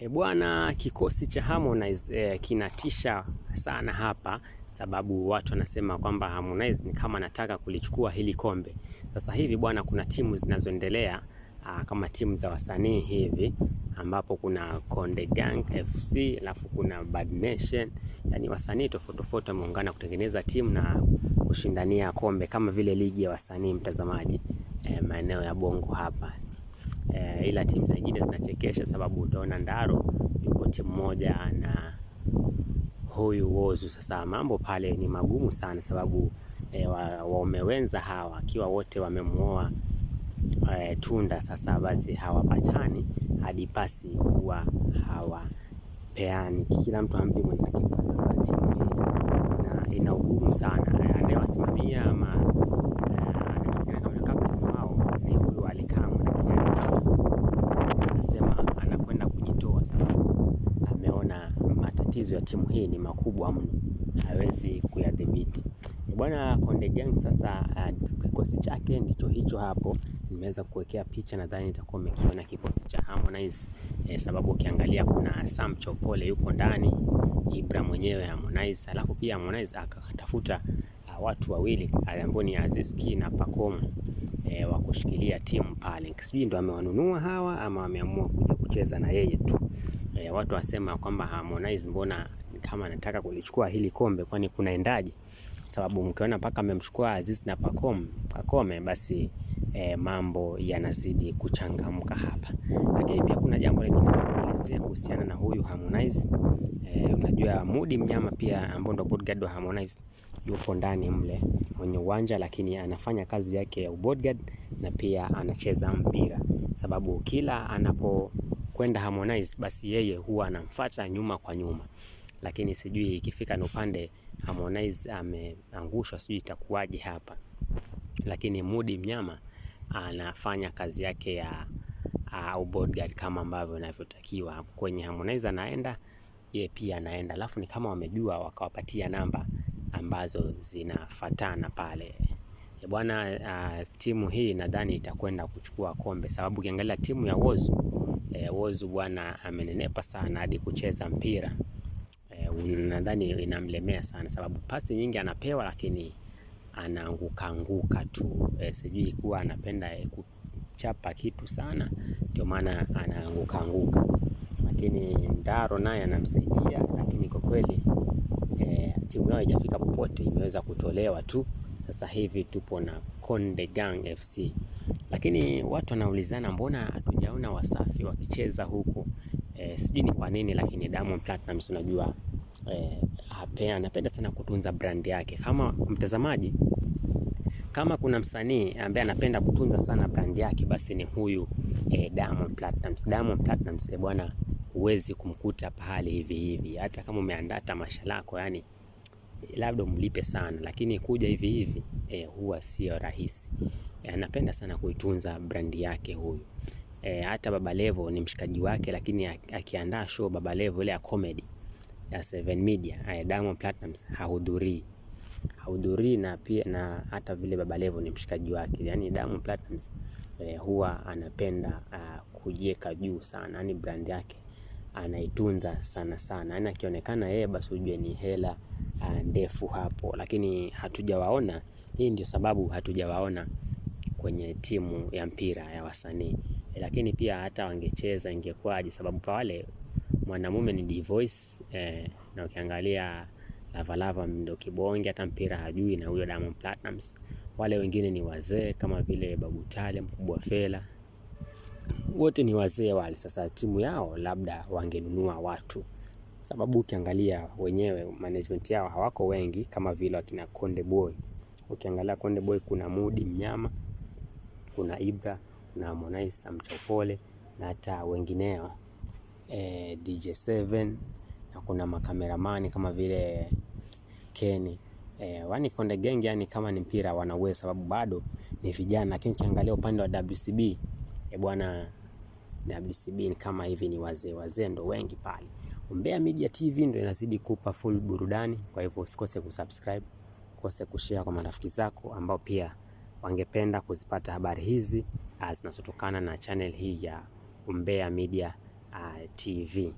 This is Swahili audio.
E, bwana kikosi cha Harmonize e, kinatisha sana hapa, sababu watu wanasema kwamba Harmonize ni kama anataka kulichukua hili kombe. Sasa hivi bwana, kuna timu zinazoendelea ah, kama timu za wasanii hivi ambapo kuna Konde Gang FC alafu kuna Bad Nation, yani wasanii tofauti tofauti wameungana kutengeneza timu na kushindania kombe kama vile ligi ya wasanii mtazamaji, e, maeneo ya Bongo hapa eh, ila timu zingine zinachekesha, sababu utaona Ndaro yuko timu moja na huyu Wozu. Sasa mambo pale ni magumu sana, sababu eh, waume wenza hawa akiwa wote wamemuoa eh, Tunda, sasa basi hawapatani hadi pasi hawa hawapeani, kila mtu ampi mwenzake. Sasa timu hii ina ugumu sana eh, anayewasimamia ama ya timu hii ni makubwa mno, hawezi kuyadhibiti bwana Konde Gang. Sasa uh, kikosi chake ndicho hicho hapo, nimeweza kuwekea picha, nadhani nitakuwa umekiona kikosi cha Harmonize eh, sababu ukiangalia kuna Sam Chopole yuko ndani, Ibra mwenyewe Harmonize, alafu pia Harmonize akatafuta uh, ah, watu wawili eh, ambao ni Aziz Ki na Pacome eh, wa kushikilia timu pale, sijui ndo amewanunua hawa ama ameamua kuja kucheza na yeye tu e, watu wasema kwamba Harmonize mbona kama anataka kulichukua hili kombe, kwani kunaendaje? Sababu mkiona paka amemchukua Aziz na Pacom Pacome basi e, mambo yanazidi kuchangamka hapa. Lakini pia kuna jambo lingine nitakuelezea kuhusiana na huyu Harmonize. E, unajua Mudi Mnyama pia ambaye ndo bodyguard wa Harmonize yupo ndani mle mwenye uwanja, lakini anafanya kazi yake ya bodyguard na pia anacheza mpira, sababu kila anapo kwenda Harmonize, basi yeye huwa anamfuata nyuma kwa nyuma, lakini sijui ikifika na upande Harmonize ameangushwa, sijui itakuwaje hapa, lakini Mudi Mnyama anafanya kazi yake ya uh, bodyguard kama ambavyo inavyotakiwa kwenye Harmonize, anaenda ye pia anaenda, alafu ni kama wamejua wakawapatia namba ambazo zinafatana pale bwana. Uh, timu hii nadhani itakwenda kuchukua kombe, sababu ukiangalia timu ya Wozu e, eh, Whozu bwana amenenepa sana hadi kucheza mpira e, nadhani inamlemea sana sababu pasi nyingi anapewa lakini anaanguka anguka tu e, sijui kuwa anapenda e, kuchapa kitu sana ndio maana anaanguka anguka, lakini Ndaro naye anamsaidia, lakini kwa kweli e, timu yao haijafika popote, imeweza kutolewa tu. Sasa hivi tupo na Konde Gang FC. Lakini watu wanaulizana mbona hatujaona Wasafi wakicheza huku e, sijui ni kwa nini, lakini Diamond Platnumz unajua e, hapea anapenda sana kutunza brand yake. Kama mtazamaji, kama kuna msanii ambaye anapenda kutunza sana brand yake, basi ni huyu e, Diamond Platnumz. Diamond Platnumz bwana, huwezi kumkuta pahali hivi hivi, hata kama umeandaa tamasha lako yani labda umlipe sana, lakini kuja hivi hivi e, huwa sio rahisi. Anapenda eh, sana kuitunza brandi yake huyu. E, hata Baba Levo ni mshikaji wake, lakini akiandaa show Baba Levo ile ya comedy ya Seven Media, Diamond Platnumz hahudhurii hahudhurii na pia na hata vile Baba Levo ni mshikaji wake, yani Diamond Platnumz e, huwa anapenda uh, kujiweka juu sana, yani brand yake anaitunza sana sana, yaani akionekana yeye basi ujue ni hela ah, ndefu hapo, lakini hatujawaona. Hii ndio sababu hatujawaona kwenye timu ya mpira ya wasanii, lakini pia hata wangecheza ingekuwaje? Sababu pale mwanamume ni Dvoice e, eh, na ukiangalia Lavalava ndo kibonge, hata mpira hajui, na huyo Diamond Platnumz. Wale wengine ni wazee kama vile Babu Tale, Mkubwa Fela wote ni wazee wale. Sasa timu yao labda wangenunua watu, sababu ukiangalia wenyewe management yao hawako wengi kama vile wakina Konde Boy. Ukiangalia Konde Boy kuna Mudi Mnyama, kuna Ibra, kuna Harmonize, Samchapole na hata wengineo e, eh, DJ7 na kuna makameramani kama vile Kenny e, eh, wani Konde Gang yani kama ni mpira wana sababu bado ni vijana. Lakini ukiangalia upande wa WCB e bwana WCB ni kama hivi, ni wazee wazee ndo wengi pale. Umbea Media TV ndo inazidi kupa full burudani, kwa hivyo usikose kusubscribe, usikose kushare kwa marafiki zako ambao pia wangependa kuzipata habari hizi ah, zinazotokana na channel hii ya Umbea Media uh, ah, TV.